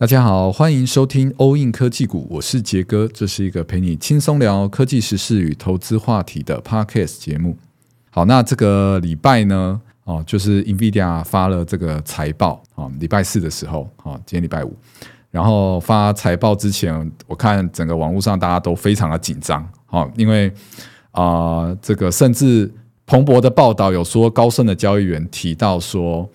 大家好，歡迎收聽歐印科技股，我是傑哥，這是一個陪你輕鬆聊科技時事與投資話題的 podcast 節目。好，那這個禮拜呢，哦，就是 Nvidia 發了這個財報，啊、哦，禮拜四的時候，啊、哦，今天禮拜五，然後發財報之前，我看整個網絡上大家都非常的緊張，啊、哦，因為啊、呃，這個甚至彭博的報道有說，高盛的交易員提到說。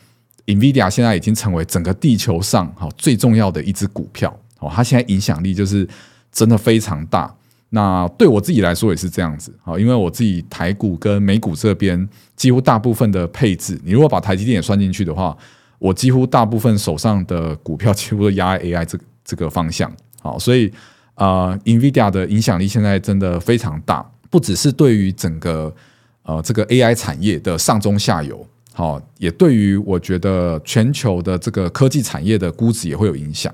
NVIDIA 現在已經成為整個地球上哈最重要的一隻股票，哦，它現在影響力就是真的非常大。那對我自己來說也是這樣子，啊，因為我自己台股跟美股這邊幾乎大部分的配置，你如果把台積電也算進去的話，我幾乎大部分手上的股票幾乎都壓在 AI 這這個方向，好，所以啊，NVIDIA 的影響力現在真的非常大，不只是對於整個呃這個 AI 產業的上中下游。好，也對於我覺得全球的這個科技產業的估值也會有影響，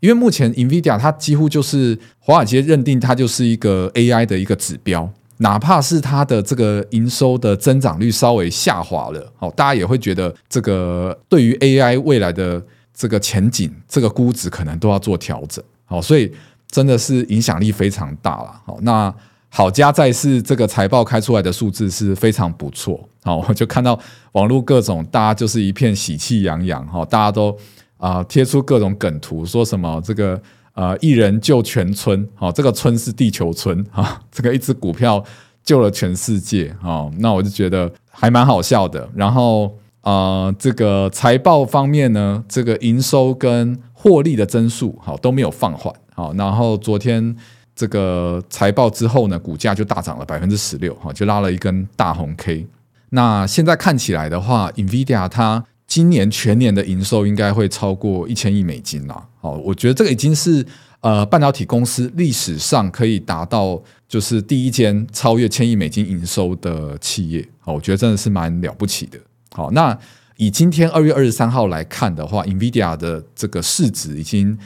因為目前 Nvidia 它幾乎就是華爾街認定它就是一個 AI 的一個指標，哪怕是它的這個營收的增長率稍微下滑了，哦，大家也會覺得這個對於 AI 未來的這個前景，這個估值可能都要做調整。哦，所以真的是影響力非常大了。好，那。好家在是這個財報開出來的數字是非常不錯，我就看到網絡各種大家就是一片喜氣洋洋哈，大家都啊貼、呃、出各種梗圖，說什麼這個呃一人救全村，好這個村是地球村啊，這個一隻股票救了全世界啊，那我就覺得還蠻好笑的。然後啊、呃，這個財報方面呢，這個營收跟獲利的增速好都沒有放緩，好，然後昨天。這個財報之後呢，股價就大漲了百分之十六，哈，就拉了一根大紅 K。那現在看起來的話，NVIDIA 它今年全年的營收應該會超過一千億美金啦。好，我覺得這個已經是呃半導體公司歷史上可以達到就是第一間超越千億美金營收的企業。好，我覺得真的是蠻了不起的。好，那以今天二月二十三號來看的話，NVIDIA 的這個市值已經。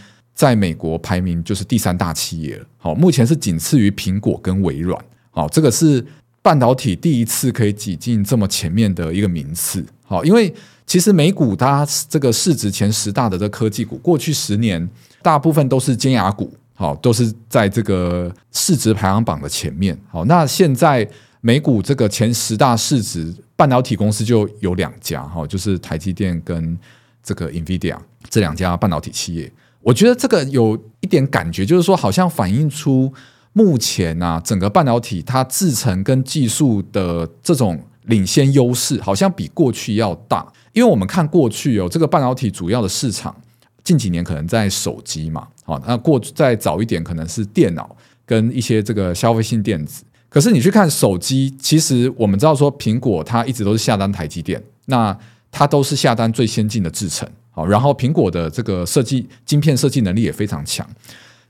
在美國排名就是第三大企業了好，目前是僅次於蘋果跟微軟，好，這個是半導體第一次可以擠進這麼前面的一個名次，好，因為其實美股它這個市值前十大的這科技股，過去十年大部分都是尖牙股，好，都是在這個市值排行榜的前面，好，那現在美股這個前十大市值半導體公司就有兩家，哈，就是台積電跟這個 Nvidia 這兩家半導體企業。我覺得這個有一點感覺，就是說好像反映出目前啊，整個半導體它制程跟技術的這種領先優勢，好像比過去要大。因為我們看過去哦，這個半導體主要的市場近幾年可能在手機嘛，啊、哦，那過再早一點可能是電腦跟一些這個消費性電子。可是你去看手機，其實我們知道說蘋果它一直都是下單台積電，那它都是下單最先進的制程。好，然後蘋果的這個設計晶片設計能力也非常強，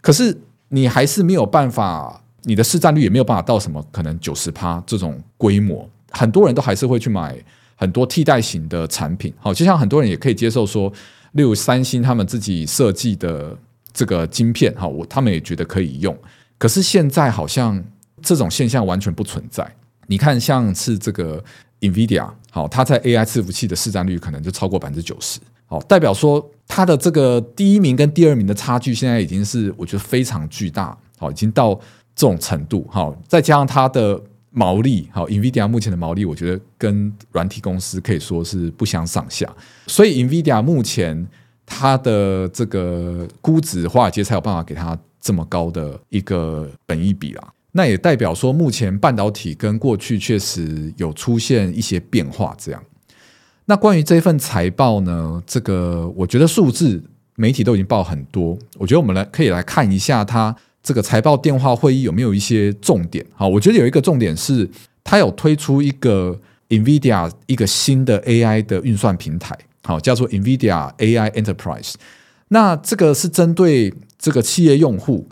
可是你還是沒有辦法，你的市佔率也沒有辦法到什麼可能九十趴這種規模，很多人都還是會去買很多替代型的產品。好，就像很多人也可以接受說，例如三星他們自己設計的這個晶片，哈，我他們也覺得可以用。可是現在好像這種現象完全不存在。你看，像是這個 Nvidia，好，它在 AI 伺服器的市佔率可能就超過百分之九十。好，代表說它的這個第一名跟第二名的差距，現在已經是我覺得非常巨大。好，已經到這種程度。好，再加上它的毛利，好，Nvidia 目前的毛利，我覺得跟軟體公司可以說是不相上下。所以 Nvidia 目前它的這個估值，華爾街才有辦法給它這麼高的一個本益比啦。那也代表說，目前半導體跟過去確實有出現一些變化，這樣。那關於這份財報呢，這個我覺得數字媒體都已經報很多，我覺得我們來可以來看一下它這個財報電話會議有沒有一些重點。好，我覺得有一個重點是，它有推出一個 Nvidia 一個新的 AI 的運算平台，好，叫做 Nvidia AI Enterprise。那這個是針對這個企業用戶，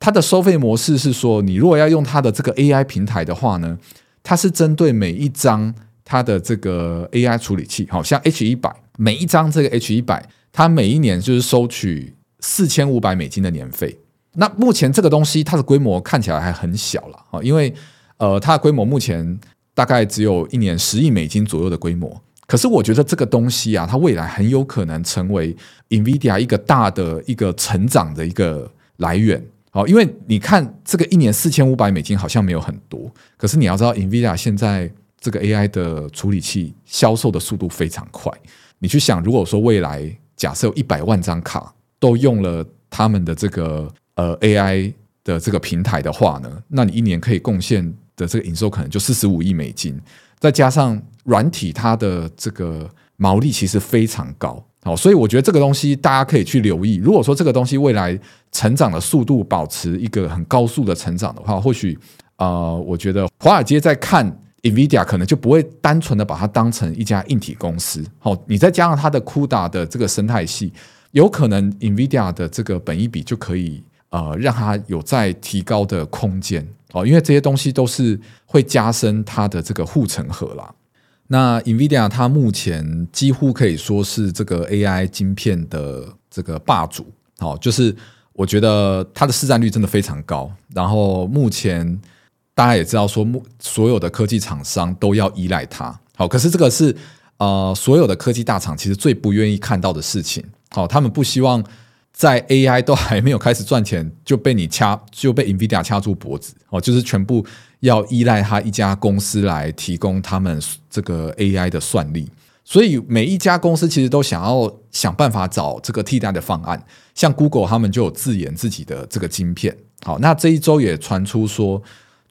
它的收費模式是說，你如果要用它的這個 AI 平台的話呢，它是針對每一張。它的這個 AI 處理器，好像 H100，每一張這個 H100，它每一年就是收取四千五百美金的年費。那目前這個東西它的規模看起來還很小了啊，因為呃它的規模目前大概只有一年十億美金左右的規模。可是我覺得這個東西啊，它未來很有可能成為 NVIDIA 一個大的一個成長的一個來源啊，因為你看這個一年四千五百美金好像沒有很多，可是你要知道 NVIDIA 現在。這個 AI 的處理器銷售的速度非常快。你去想，如果說未來假設有一百萬張卡都用了他們的這個呃 AI 的這個平台的話呢，那你一年可以貢獻的這個營收可能就四十五億美金。再加上軟體，它的這個毛利其實非常高。好，所以我覺得這個東西大家可以去留意。如果說這個東西未來成長的速度保持一個很高速的成長的話，或許啊、呃，我覺得華爾街在看。NVIDIA 可能就不會單純的把它當成一家硬體公司，好，你再加上它的 CUDA 的這個生態系，有可能 NVIDIA 的這個本益比就可以呃讓它有再提高的空間哦，因為這些東西都是會加深它的這個護城河啦。那 NVIDIA 它目前幾乎可以說是這個 AI 晶片的這個霸主，哦，就是我覺得它的市占率真的非常高，然後目前。大家也知道，說所有的科技廠商都要依賴它，好，可是這個是呃，所有的科技大廠其實最不願意看到的事情，好，他們不希望在 AI 都還沒有開始賺錢就被你掐，就被 NVIDIA 掐住脖子，哦，就是全部要依賴他一家公司來提供他們這個 AI 的算力，所以每一家公司其實都想要想辦法找這個替代的方案，像 Google 他們就有自研自己的這個晶片，好，那這一周也傳出說。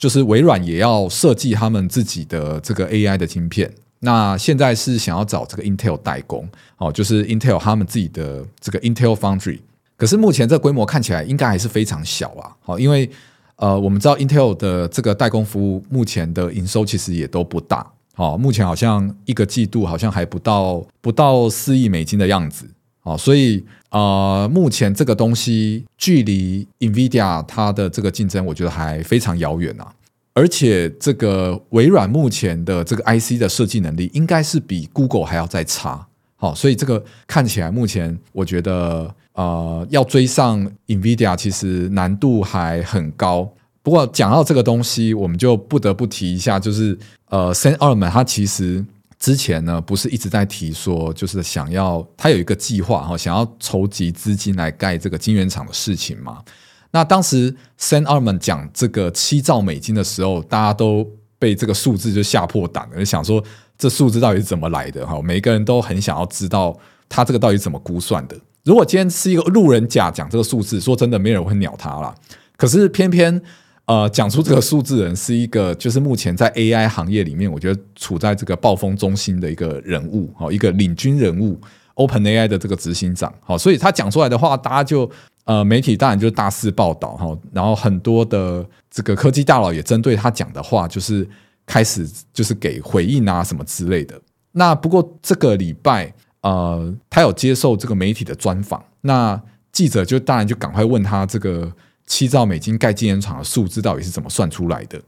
就是微軟也要設計他們自己的這個 AI 的晶片，那現在是想要找這個 Intel 代工，哦，就是 Intel 他們自己的這個 Intel Foundry，可是目前這個規模看起來應該還是非常小啊，好、哦，因為呃，我們知道 Intel 的這個代工服務目前的營收其實也都不大、哦，目前好像一個季度好像還不到不到四億美金的樣子，哦、所以。啊、呃，目前這個東西距離 Nvidia 它的這個競爭，我覺得還非常遙遠啊。而且這個微軟目前的這個 IC 的設計能力，應該是比 Google 還要再差。好、哦，所以這個看起來目前我覺得呃要追上 Nvidia，其實難度還很高。不過講到這個東西，我們就不得不提一下，就是呃，ARM s 它其實。之前呢，不是一直在提說，就是想要他有一個計劃哈，想要籌集資金來蓋這個晶圓廠的事情嘛。那當時 Sam Altman 講這個七兆美金的時候，大家都被這個數字就嚇破膽了，就想說這數字到底是怎麼來的哈？每個人都很想要知道他這個到底怎麼估算的。如果今天是一個路人甲講這個數字，說真的，沒人會鳥他啦。可是偏偏。呃，講出這個數字人是一個，就是目前在 AI 行業裡面，我覺得處在這個暴風中心的一個人物，一個領軍人物，OpenAI 的這個執行長，所以他講出來的話，大家就呃，媒體當然就大肆報道，然後很多的這個科技大佬也針對他講的話，就是開始就是給回應啊什麼之類的。那不過這個禮拜，呃，他有接受這個媒體的專訪，那記者就當然就趕快問他這個。七兆美金蓋晶圓廠的數字到底是怎麼算出來的？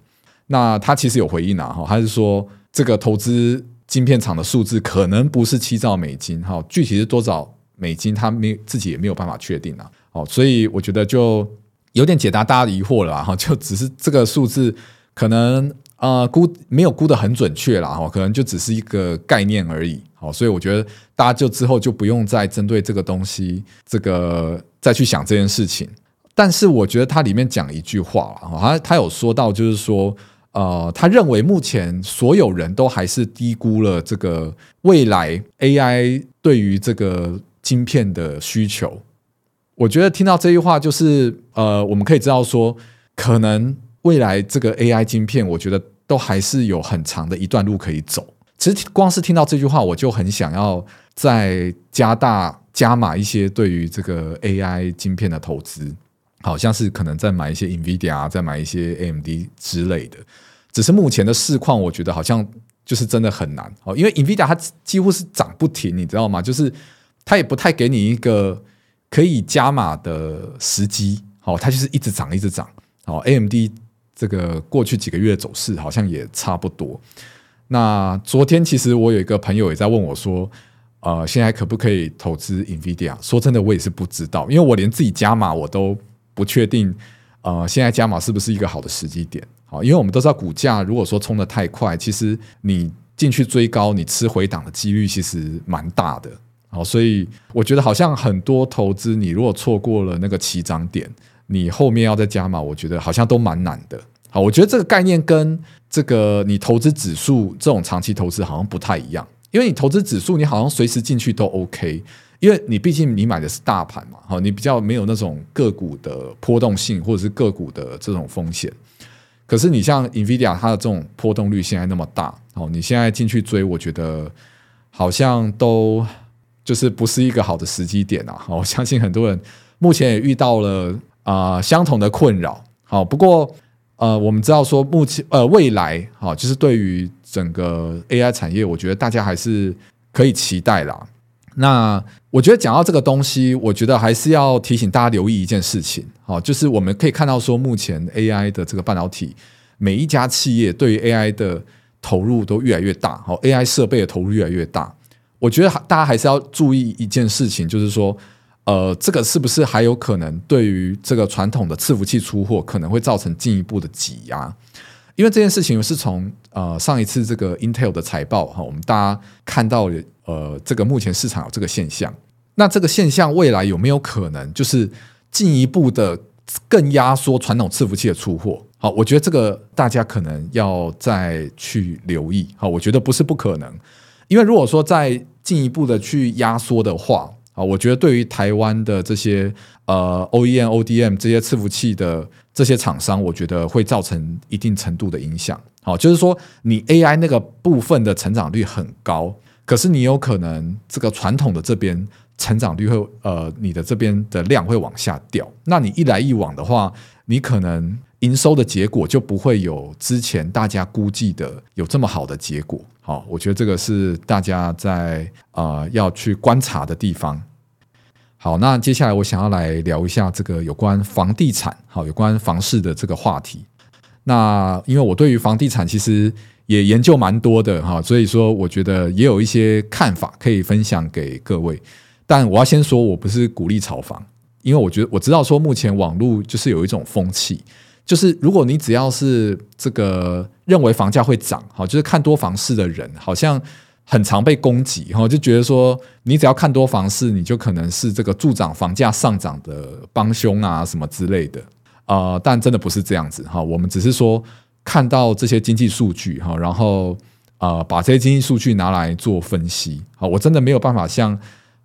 那他其實有回應啊，他是說這個投資晶片廠的數字可能不是七兆美金，哈、哦，具體是多少美金，他沒自己也沒有辦法確定啊，哦，所以我覺得就有點解答大家的疑惑了、啊，哈，就只是這個數字可能啊、呃、估沒有估的很準確了，哈、哦，可能就只是一個概念而已，哦，所以我覺得大家就之後就不用再針對這個東西，這個再去想這件事情。但是我覺得他裡面講一句話，他他有說到，就是說，呃，他認為目前所有人都還是低估了這個未來 AI 對於這個晶片的需求。我覺得聽到這句話，就是呃，我們可以知道說，可能未來這個 AI 晶片，我覺得都還是有很長的一段路可以走。其實光是聽到這句話，我就很想要再加大加碼一些對於這個 AI 晶片的投資。好像是可能在買一些 Nvidia 啊，在買一些 AMD 之類的。只是目前的市況，我覺得好像就是真的很難哦。因為 Nvidia 它幾乎是漲不停，你知道嗎？就是它也不太給你一個可以加碼的時機。它就是一直漲，一直漲。AMD 這個過去幾個月的走勢好像也差不多。那昨天其實我有一個朋友也在問我說，現在可不可以投資 Nvidia？說真的，我也是不知道，因為我連自己加碼我都。不確定，呃，現在加碼是不是一個好的時機點？好，因為我們都知道，股價如果說衝得太快，其實你進去追高，你吃回檔的幾率其實蠻大的。好，所以我覺得好像很多投資，你如果錯過了那個起漲點，你後面要再加碼，我覺得好像都蠻難的。好，我覺得這個概念跟這個你投資指數這種長期投資好像不太一樣，因為你投資指數，你好像隨時進去都 OK。因為你畢竟你買的是大盤嘛，哈，你比較沒有那種個股的波動性，或者是個股的這種風險。可是你像 Nvidia 它的這種波動率現在那麼大，哦，你現在進去追，我覺得好像都就是不是一個好的時機點啊！好，我相信很多人目前也遇到了啊相同的困擾。好，不過呃，我們知道說目前呃未來哈，就是對於整個 AI 產業，我覺得大家還是可以期待啦。那我覺得講到這個東西，我覺得還是要提醒大家留意一件事情，好，就是我們可以看到說，目前 AI 的這個半導體，每一家企業對於 AI 的投入都越來越大，好，AI 設備的投入越來越大。我覺得大家還是要注意一件事情，就是說，呃，這個是不是還有可能對於這個傳統的伺服器出貨可能會造成進一步的擠壓？因為這件事情是從呃上一次這個 Intel 的財報哈，我們大家看到。呃，這個目前市場有這個現象，那這個現象未來有沒有可能就是進一步的更壓縮傳統伺服器的出貨？好，我覺得這個大家可能要再去留意。好，我覺得不是不可能，因為如果說再進一步的去壓縮的話，啊，我覺得對於台灣的這些呃 OEM ODM 這些伺服器的這些廠商，我覺得會造成一定程度的影響。好，就是說你 AI 那個部分的成長率很高。可是你有可能這個傳統的這邊成長率會呃，你的這邊的量會往下掉，那你一來一往的話，你可能營收的結果就不會有之前大家估計的有這麼好的結果。好，我覺得這個是大家在啊、呃、要去觀察的地方。好，那接下來我想要來聊一下這個有關房地產，好，有關房市的這個話題。那因為我對於房地產其實也研究蠻多的哈，所以說我覺得也有一些看法可以分享給各位。但我要先說，我不是鼓勵炒房，因為我覺得我知道說目前網絡就是有一種風氣，就是如果你只要是這個認為房價會漲，哈，就是看多房市的人，好像很常被攻擊，哈，就覺得說你只要看多房市，你就可能是這個助長房價上漲的幫凶啊，什麼之類的啊、呃。但真的不是這樣子哈，我們只是說。看到這些經濟數據哈，然後啊，把這些經濟數據拿來做分析啊，我真的沒有辦法像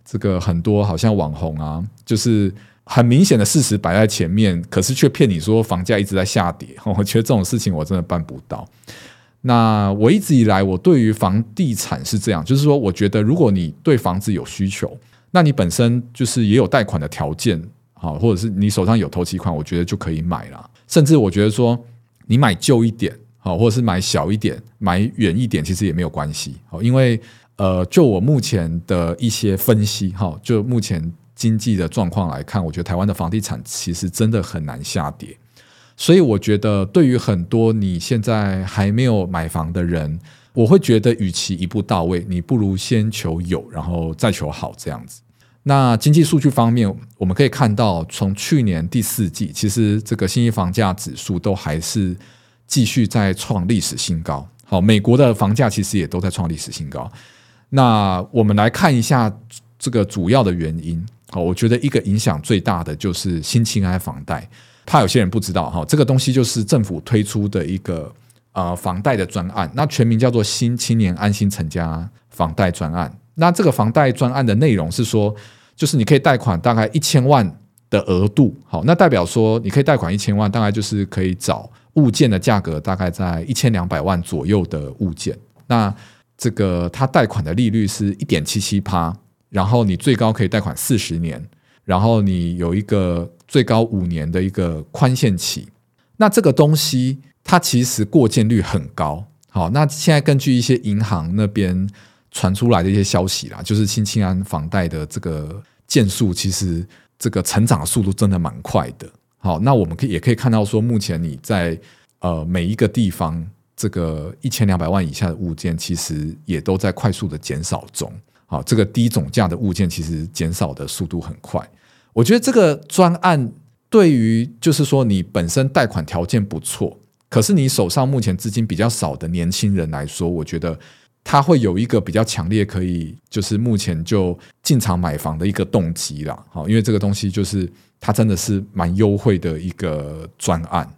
這個很多好像網紅啊，就是很明顯的事實擺在前面，可是卻騙你說房價一直在下跌。我覺得這種事情我真的辦不到。那我一直以來我對於房地產是這樣，就是說，我覺得如果你對房子有需求，那你本身就是也有貸款的條件好，或者是你手上有頭期款，我覺得就可以買了。甚至我覺得說。你買舊一點，好，或者是買小一點，買遠一點，其實也沒有關係，因為呃，就我目前的一些分析，哈，就目前經濟的狀況來看，我覺得台灣的房地產其實真的很難下跌，所以我覺得對於很多你現在還沒有買房的人，我會覺得，與其一步到位，你不如先求有，然後再求好，這樣子。那經濟數據方面，我們可以看到，從去年第四季，其實這個信義房價指數都還是繼續在創歷史新高。好，美國的房價其實也都在創歷史新高。那我們來看一下這個主要的原因。哦，我覺得一個影響最大的就是新青安房貸。怕有些人不知道哈，這個東西就是政府推出的一個房貸的專案，那全名叫做新青年安心成家房貸專案。那這個房貸專案的內容是說，就是你可以貸款大概一千萬的額度，好，那代表說你可以貸款一千萬，大概就是可以找物件的價格大概在一千兩百萬左右的物件。那這個它貸款的利率是一點七七八，然後你最高可以貸款四十年，然後你有一個最高五年的一個寬限期。那這個東西它其實過件率很高，好，那現在根據一些銀行那邊。傳出來的一些消息啦，就是新青安房貸的這個件數，其實這個成長速度真的蠻快的。好，那我們可也可以看到說，目前你在呃每一個地方，這個一千兩百萬以下的物件，其實也都在快速的減少中。好，這個低總價的物件，其實減少的速度很快。我覺得這個專案對於就是說你本身貸款條件不錯，可是你手上目前資金比較少的年輕人來說，我覺得。他會有一個比較強烈，可以就是目前就進場買房的一個動機啦，好，因為這個東西就是它真的是蠻優惠的一個專案。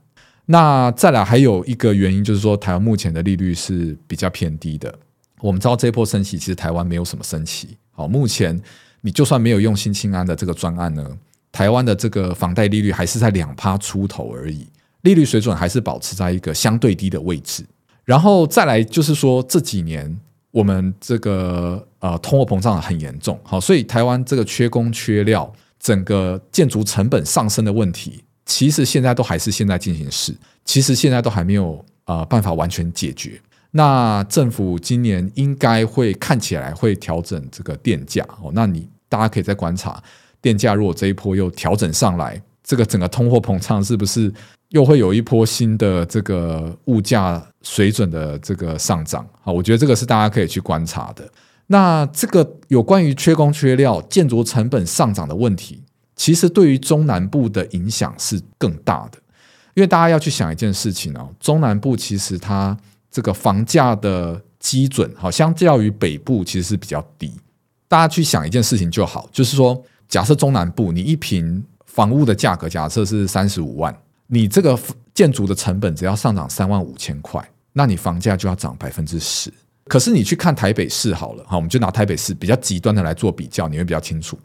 那再來還有一個原因就是說，台灣目前的利率是比較偏低的。我們知道這波升息，其實台灣沒有什麼升息。好，目前你就算沒有用新青安的這個專案呢，台灣的這個房貸利率還是在兩趴出頭而已，利率水準還是保持在一個相對低的位置。然後再來就是說，這幾年我們這個呃通貨膨脹很嚴重，好，所以台灣這個缺工缺料、整個建築成本上升的問題，其實現在都還是現在進行時。其實現在都還沒有呃辦法完全解決。那政府今年應該會看起來會調整這個電價哦，那你大家可以再觀察電價，如果這一波又調整上來，這個整個通貨膨脹是不是又會有一波新的這個物價水準的這個上漲？好，我覺得這個是大家可以去觀察的。那這個有關於缺工缺料、建築成本上漲的問題，其實對於中南部的影響是更大的。因為大家要去想一件事情哦，中南部其實它這個房價的基準，好，相較於北部其實是比較低。大家去想一件事情就好，就是說，假設中南部你一平。房屋的價格假設是三十五萬，你這個建築的成本只要上漲三萬五千塊，那你房價就要漲百分之十。可是你去看台北市好了，哈，我們就拿台北市比較極端的來做比較，你會比較清楚。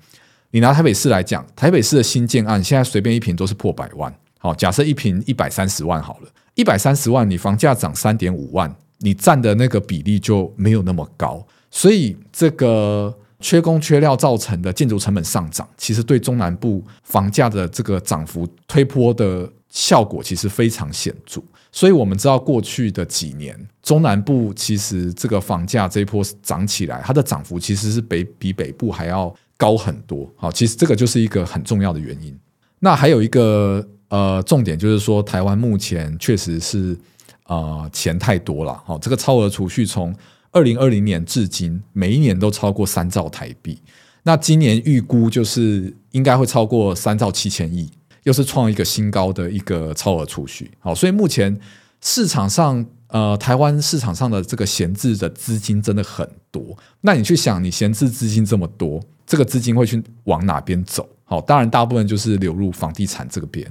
你拿台北市來講，台北市的新建案現在隨便一坪都是破百萬。好，假設一坪一百三十萬好了，一百三十萬你房價漲三點五萬，你占的那個比例就沒有那麼高，所以這個。缺工缺料造成的建築成本上漲，其實對中南部房價的這個漲幅推波的效果其實非常顯著。所以，我們知道過去的幾年，中南部其實這個房價這一波漲起來，它的漲幅其實是北比北部還要高很多。好，其實這個就是一個很重要的原因。那還有一個呃重點就是說，台灣目前確實是啊、呃、錢太多了。哈，這個超額儲蓄從二零二零年至今，每一年都超過三兆台幣。那今年預估就是應該會超過三兆七千億，又是創一個新高的一個超額儲蓄。好，所以目前市場上，呃，台灣市場上的這個閒置的資金真的很多。那你去想，你閒置資金這麼多，這個資金會去往哪邊走？好，當然大部分就是流入房地產這個邊。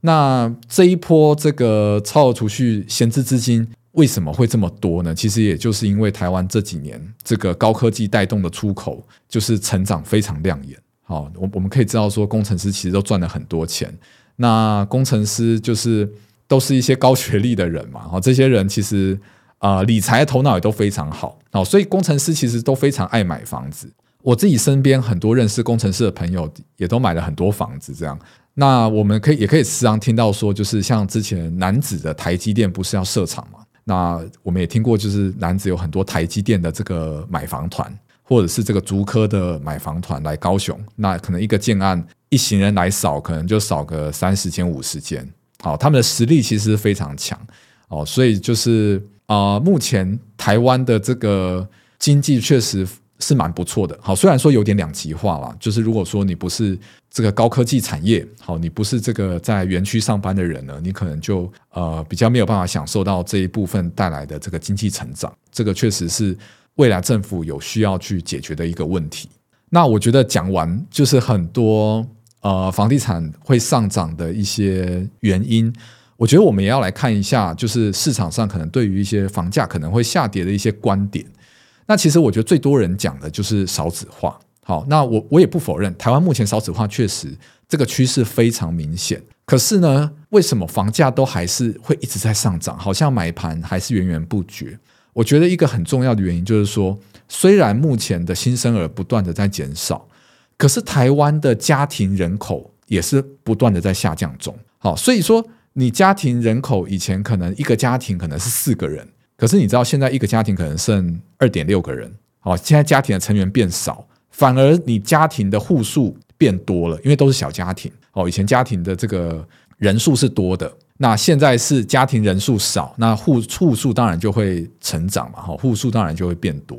那這一波這個超額儲蓄閒置資金。為什麼會這麼多呢？其實也就是因為台灣這幾年這個高科技帶動的出口就是成長非常亮眼。好，我我們可以知道說，工程師其實都賺了很多錢。那工程師就是都是一些高學歷的人嘛。哦，這些人其實啊，理財的頭腦也都非常好。哦，所以工程師其實都非常愛買房子。我自己身邊很多認識工程師的朋友也都買了很多房子。這樣，那我們可以也可以時常聽到說，就是像之前楠梓的台積電不是要設廠嗎？那我們也聽過，就是楠梓有很多台積電的這個買房團，或者是這個竹科的買房團來高雄。那可能一個建案，一行人來掃，可能就掃個三十間五十間。哦。他們的實力其實非常強。哦，所以就是啊、呃，目前台灣的這個經濟確實。是蠻不錯的，好，雖然說有點兩極化啦，就是如果說你不是這個高科技產業，好，你不是這個在園區上班的人呢，你可能就呃比較沒有辦法享受到這一部分帶來的這個經濟成長，這個確實是未來政府有需要去解決的一個問題。那我覺得講完就是很多呃房地產會上漲的一些原因，我覺得我們也要來看一下，就是市場上可能對於一些房價可能會下跌的一些觀點。那其實我覺得最多人講的就是少子化。好，那我我也不否認，台灣目前少子化確實這個趨勢非常明顯。可是呢，為什麼房價都還是會一直在上漲？好像買盤還是源源不絕。我覺得一個很重要的原因就是說，雖然目前的新生兒不斷的在減少，可是台灣的家庭人口也是不斷的在下降中。好，所以說你家庭人口以前可能一個家庭可能是四個人。可是你知道，現在一個家庭可能剩二點六個人，哦，現在家庭的成員變少，反而你家庭的戶數變多了，因為都是小家庭，哦，以前家庭的這個人數是多的，那現在是家庭人數少，那戶戶數當然就會成長嘛，哈，戶數當然就會變多，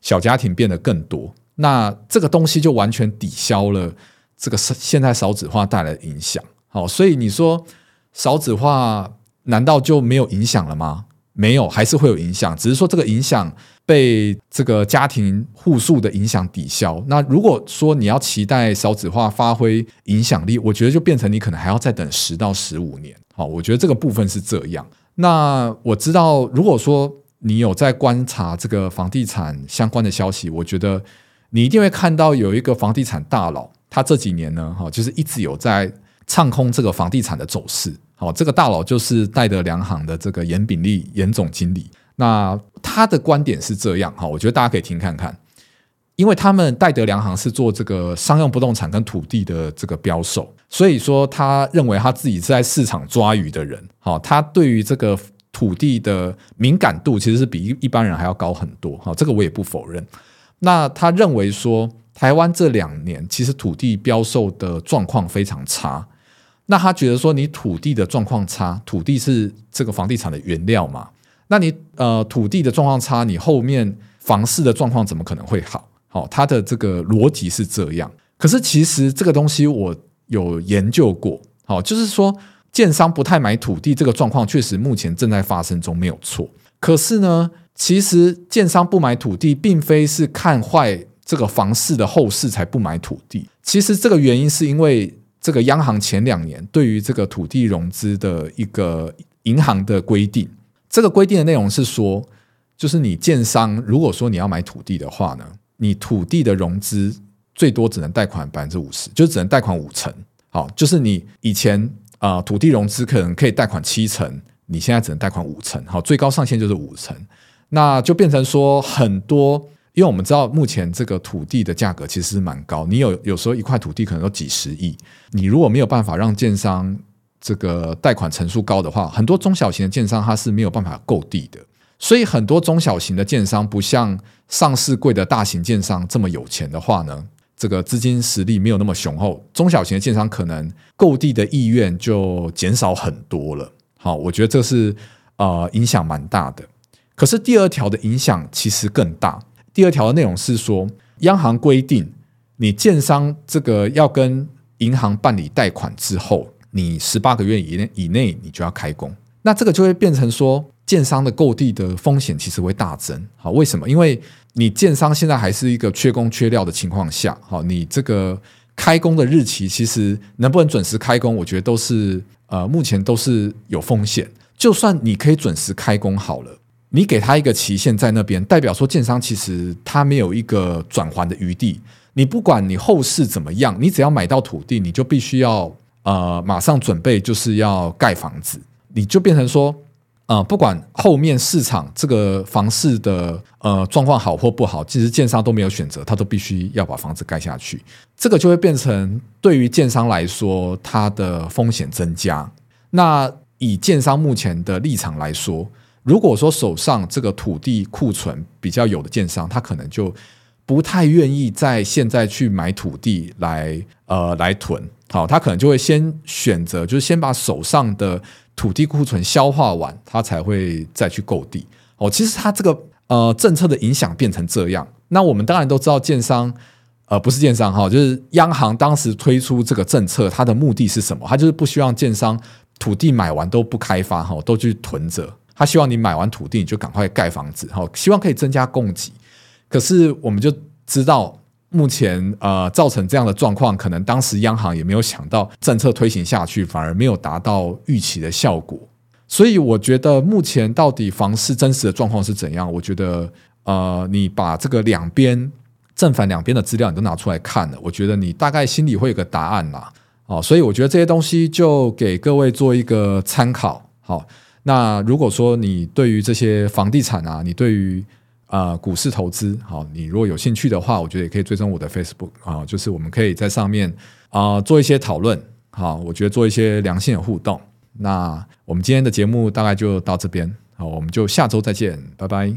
小家庭變得更多，那這個東西就完全抵消了這個現在少子化帶來的影響，好、哦，所以你說少子化難道就沒有影響了嗎？沒有，還是會有影響，只是說這個影響被這個家庭戶數的影響抵消。那如果說你要期待少子化發揮影響力，我覺得就變成你可能還要再等十到十五年。好，我覺得這個部分是這樣。那我知道，如果說你有在觀察這個房地產相關的消息，我覺得你一定會看到有一個房地產大佬，他這幾年呢，哈，就是一直有在唱空這個房地產的走勢。哦，這個大佬就是戴德梁行的這個顏炳立嚴總經理。那他的觀點是這樣哈，我覺得大家可以聽看看。因為他們戴德梁行是做這個商用不動產跟土地的這個標售，所以說他認為他自己是在市場抓魚的人。哈，他對於這個土地的敏感度其實是比一般人還要高很多。哈，這個我也不否認。那他認為說，台灣這兩年其實土地標售的狀況非常差。那他覺得說，你土地的狀況差，土地是這個房地產的原料嘛？那你呃土地的狀況差，你後面房市的狀況怎麼可能會好？好，他的這個邏輯是這樣。可是其實這個東西我有研究過，好，就是說建商不太買土地這個狀況確實目前正在發生中，沒有錯。可是呢，其實建商不買土地，並非是看壞這個房市的後市才不買土地。其實這個原因是因為。這個央行前兩年對於這個土地融資的一個銀行的規定，這個規定的內容是說，就是你建商如果說你要買土地的話呢，你土地的融資最多只能貸款百分之五十，就只能貸款五成。好，就是你以前啊、呃、土地融資可能可以貸款七成，你現在只能貸款五成，好，最高上限就是五成，那就變成說很多。因為我們知道，目前這個土地的價格其實蠻高。你有有時候一塊土地可能都幾十億。你如果沒有辦法讓建商這個貸款成數高的話，很多中小型的建商他是沒有辦法購地的。所以很多中小型的建商不像上市櫃的大型建商這麼有錢的話呢，這個資金實力沒有那麼雄厚。中小型的建商可能購地的意願就減少很多了。好，我覺得這是呃影響蠻大的。可是第二條的影響其實更大。第二條的內容是說，央行規定你建商這個要跟銀行辦理貸款之後，你十八個月以內以內你就要開工，那這個就會變成說建商的購地的風險其實會大增。好，為什麼？因為你建商現在還是一個缺工缺料的情況下，好，你這個開工的日期其實能不能準時開工，我覺得都是呃目前都是有風險。就算你可以準時開工好了。你給他一個期限在那邊，代表說建商其實他沒有一個轉圜的餘地。你不管你後市怎麼樣，你只要買到土地，你就必須要呃馬上準備就是要蓋房子，你就變成說呃不管後面市場這個房市的呃狀況好或不好，其實建商都沒有選擇，他都必須要把房子蓋下去。這個就會變成對於建商來說，他的風險增加。那以建商目前的立場來說。如果說手上這個土地庫存比較有的建商，他可能就不太願意在現在去買土地來呃來囤，好、哦，他可能就會先選擇就是先把手上的土地庫存消化完，他才會再去購地。哦，其實他這個呃政策的影響變成這樣，那我們當然都知道，建商呃不是建商哈、哦，就是央行當時推出這個政策，它的目的是什麼？他就是不希望建商土地買完都不開發哈、哦，都去囤着。他希望你買完土地你就趕快蓋房子，好，希望可以增加供給。可是我們就知道，目前呃造成這樣的狀況，可能當時央行也沒有想到政策推行下去反而沒有達到預期的效果。所以我覺得目前到底房市真實的狀況是怎樣？我覺得呃，你把這個兩邊正反兩邊的資料你都拿出來看了，我覺得你大概心裡會有個答案啦，哦，所以我覺得這些東西就給各位做一個參考，好。那如果說你對於這些房地產啊，你對於啊、呃、股市投資，好，你如果有興趣的話，我覺得也可以追蹤我的 Facebook 啊，就是我們可以在上面啊、呃、做一些討論，好，我覺得做一些良性的互動。那我們今天的節目大概就到這邊，好，我們就下周再見拜拜。